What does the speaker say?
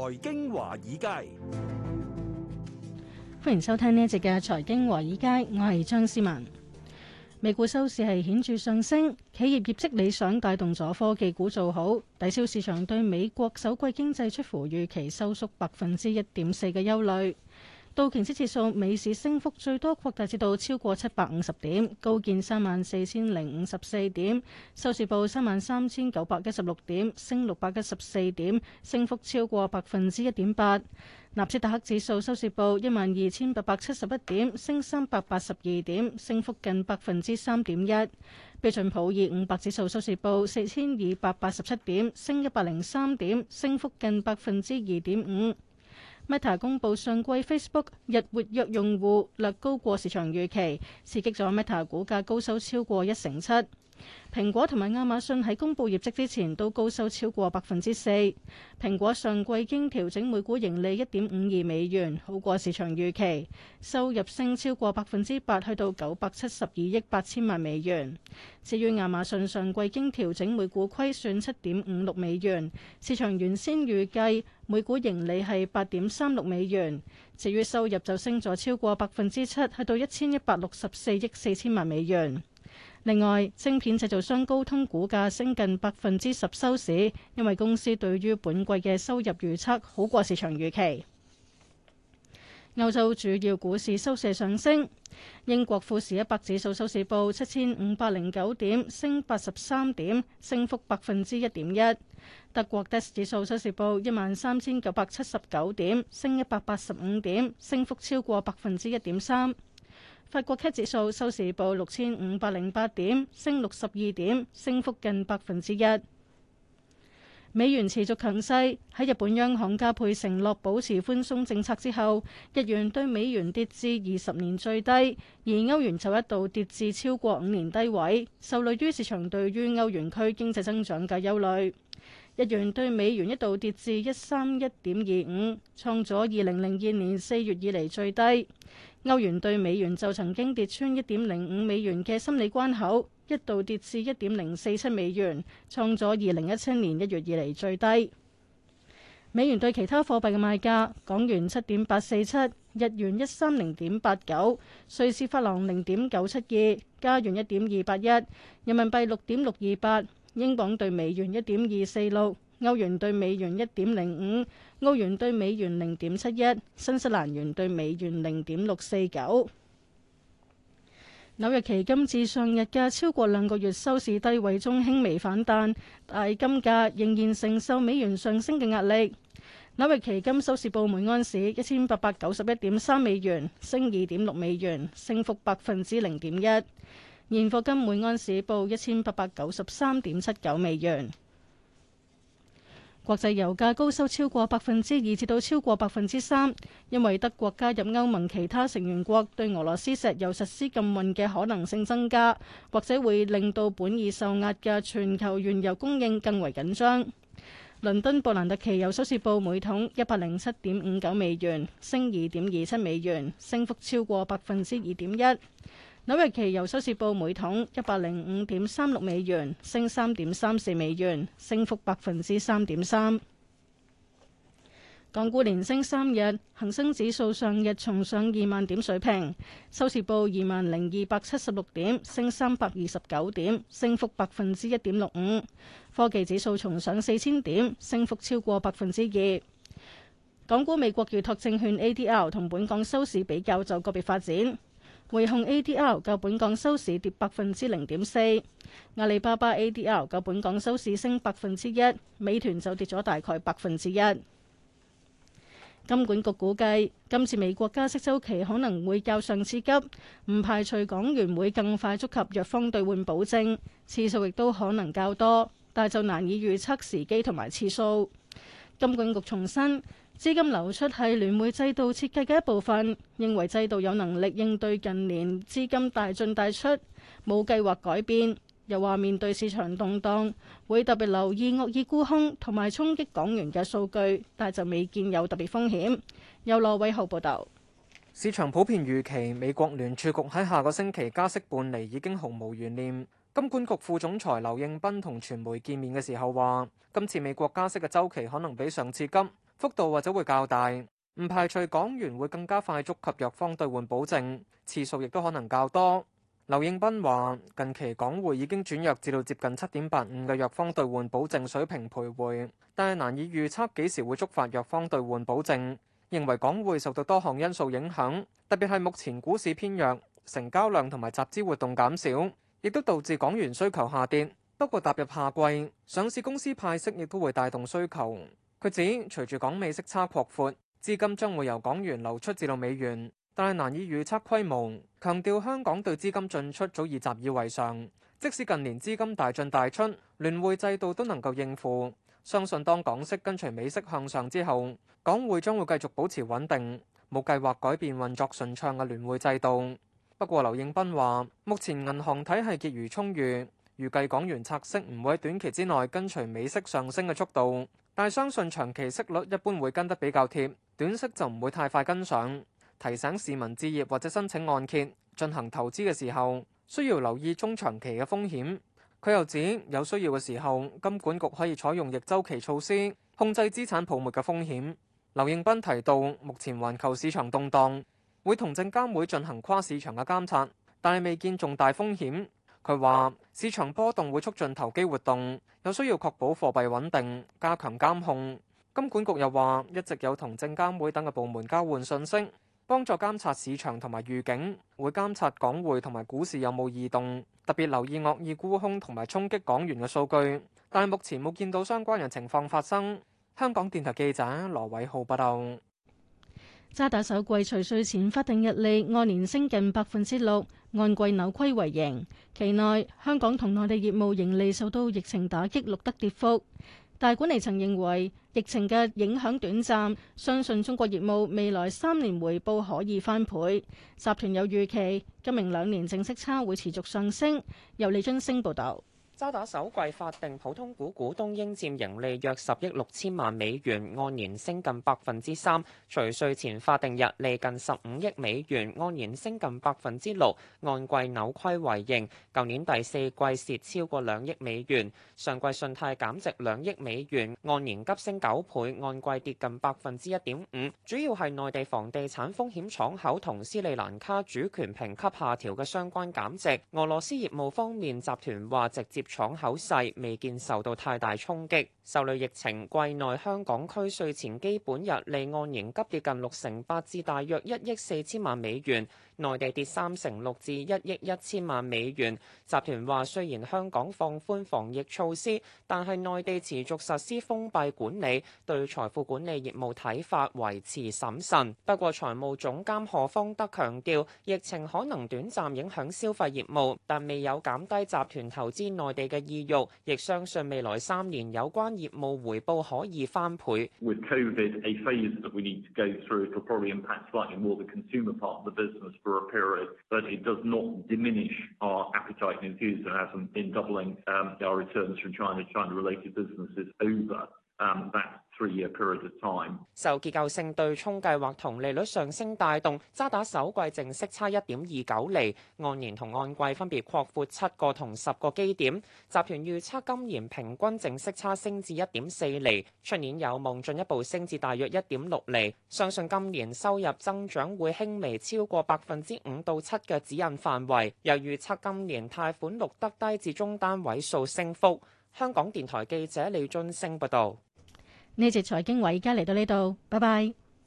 財經華爾街，歡迎收聽呢一節嘅財經華爾街，我係張思文。美股收市係顯著上升，企業業績理想帶動咗科技股做好，抵消市場對美國首季經濟出乎預期收縮百分之一點四嘅憂慮。道瓊斯指數美市升幅最多擴大至到超過七百五十點，高見三萬四千零五十四點；收市報三萬三千九百一十六點，升六百一十四點，升幅超過百分之一點八。納斯達克指數收市報一萬二千八百七十一點，升三百八十二點，升幅近百分之三點一。標準普爾五百指數收市報四千二百八十七點，升一百零三點，升幅近百分之二點五。Meta 公布上季 Facebook 日活躍用戶略高過市場預期，刺激咗 Meta 股價高收超過一成七。蘋果同埋亞馬遜喺公布業績之前都高收超過百分之四。蘋果上季經調整每股盈利一點五二美元，好過市場預期，收入升超過百分之八，去到九百七十二億八千萬美元。至於亞馬遜上季經調整每股虧損七點五六美元，市場原先預計每股盈利係八點三六美元，至於收入就升咗超過百分之七，去到一千一百六十四億四千萬美元。另外，晶片製造商高通股價升近百分之十收市，因為公司對於本季嘅收入預測好過市場預期。歐洲主要股市收市上升，英國富時一百指數收市報七千五百零九點，升八十三點，升幅百分之一點一。德國 DAX 指數收市報一萬三千九百七十九點，升一百八十五點，升幅超過百分之一點三。法國 CAC 指數收市報六千五百零八點，升六十二點，升幅近百分之一。美元持續強勢。喺日本央行加倍承諾保持寬鬆政策之後，日元對美元跌至二十年最低，而歐元就一度跌至超過五年低位，受累於市場對於歐元區經濟增長嘅憂慮。日元對美元一度跌至一三一點二五，創咗二零零二年四月以嚟最低。歐元對美元就曾經跌穿一點零五美元嘅心理關口，一度跌至一點零四七美元，創咗二零一七年一月以嚟最低。美元對其他貨幣嘅賣價：港元七點八四七，日元一三零點八九，瑞士法郎零點九七二，加元一點二八一，人民幣六點六二八，英鎊兌美元一點二四六。歐元對美元一點零五，澳元對美元零點七一，新西蘭元對美元零點六四九。紐約期金自上日嘅超過兩個月收市低位中輕微反彈，但金價仍然承受美元上升嘅壓力。紐約期金收市報每安士一千八百九十一點三美元，升二點六美元，升幅百分之零點一。現貨金每安士報一千八百九十三點七九美元。國際油價高收超過百分之二，至到超過百分之三，因為德國加入歐盟其他成員國對俄羅斯石油實施禁運嘅可能性增加，或者會令到本已受壓嘅全球原油供應更為緊張。倫敦布蘭特旗油首市報每桶一百零七點五九美元，升二點二七美元，升幅超過百分之二點一。紐約期油收市報每桶一百零五點三六美元，升三點三四美元，升幅百分之三點三。港股連升三日，恒生指數上日重上二萬點水平，收市報二萬零二百七十六點，升三百二十九點，升幅百分之一點六五。科技指數重上四千點，升幅超過百分之二。港股美國預託證券 ADR 同本港收市比較就個別發展。匯控 ADR 較本港收市跌百分之零點四，阿里巴巴 ADR 較本港收市升百分之一，美團就跌咗大概百分之一。金管局估計今次美國加息周期可能會較上次急，唔排除港元會更快觸及弱方兌換保證，次數亦都可能較多，但就難以預測時機同埋次數，金管局重申。資金流出係聯會制度設計嘅一部分，認為制度有能力應對近年資金大進大出，冇計劃改變。又話面對市場動盪，會特別留意惡意沽空同埋衝擊港元嘅數據，但就未見有特別風險。由羅偉浩報導。市場普遍預期美國聯儲局喺下個星期加息半釐已經毫無懸念。金管局副總裁劉應斌同傳媒見面嘅時候話，今次美國加息嘅周期可能比上次急。幅度或者會較大，唔排除港元會更加快觸及弱方兌換保證次數亦都可能較多。劉應斌話近期港匯已經轉弱至到接近七點八五嘅弱方兌換保證水平徘徊，但係難以預測幾時會觸發弱方兌換保證，認為港匯受到多項因素影響，特別係目前股市偏弱，成交量同埋集資活動減少，亦都導致港元需求下跌。不過踏入夏季，上市公司派息亦都會帶動需求。佢指，隨住港美息差擴闊，資金將會由港元流出至到美元，但係難以預測規模。強調香港對資金進出早已習以為常，即使近年資金大進大出，聯匯制度都能夠應付。相信當港息跟隨美息向上之後，港匯將會繼續保持穩定，冇計劃改變運作順暢嘅聯匯制度。不過，劉應斌話，目前銀行體系結餘充裕，預計港元拆息唔會喺短期之內跟隨美息上升嘅速度。但係相信長期息率一般會跟得比較貼，短息就唔會太快跟上。提醒市民置業或者申請按揭進行投資嘅時候，需要留意中長期嘅風險。佢又指有需要嘅時候，金管局可以採用逆週期措施，控制資產泡沫嘅風險。劉應斌提到，目前環球市場動盪，會同證監會進行跨市場嘅監察，但係未見重大風險。佢話：市場波動會促進投機活動，有需要確保貨幣穩定，加強監控。金管局又話一直有同證監會等嘅部門交換信息，幫助監察市場同埋預警，會監察港匯同埋股市有冇異動，特別留意惡意沽空同埋衝擊港元嘅數據。但係目前冇見到相關嘅情況發生。香港電台記者羅偉浩報導。渣打首季除稅前法定溢利按年升近百分之六，按季扭虧為盈。期內香港同內地業務盈利受到疫情打擊，錄得跌幅，大管理層認為疫情嘅影響短暫，相信中國業務未來三年回報可以翻倍。集團有預期今明兩年淨息差會持續上升。由李津升報道。渣打首季法定普通股股東應佔盈利約十億六千萬美元，按年升近百分之三；除稅前法定溢利近十五億美元，按年升近百分之六。按季扭虧為盈，舊年第四季蝕超過兩億美元。上季信貸減值兩億美元，按年急升九倍，按季跌近百分之一點五，主要係內地房地產風險敞口同斯里蘭卡主權評級下調嘅相關減值。俄羅斯業務方面，集團話直接。廠口勢，未見受到太大衝擊。受累疫情，季內香港區稅前基本日利按年急跌近六成八，至大約一億四千萬美元；內地跌三成六，至一億一千萬美元。集團話，雖然香港放寬防疫措施，但係內地持續實施封閉管理，對財富管理業務睇法維持審慎。不過，財務總監何方德強調，疫情可能短暫影響消費業務，但未有減低集團投資內地。嘅意欲，亦相信未來三年有關業務回報可以翻倍。受結構性對沖計劃同利率上升帶動，渣打首季淨息差一點二九厘，按年同按季分別擴闊七個同十個基點，集團預測今年平均淨息差升至一點四厘，出年有望進一步升至大約一點六厘，相信今年收入增長會輕微超過百分之五到七嘅指引範圍，又預測今年貸款錄得低至中單位數升幅。香港電台記者李俊升報道。呢節財經匯，而家嚟到呢度，拜拜。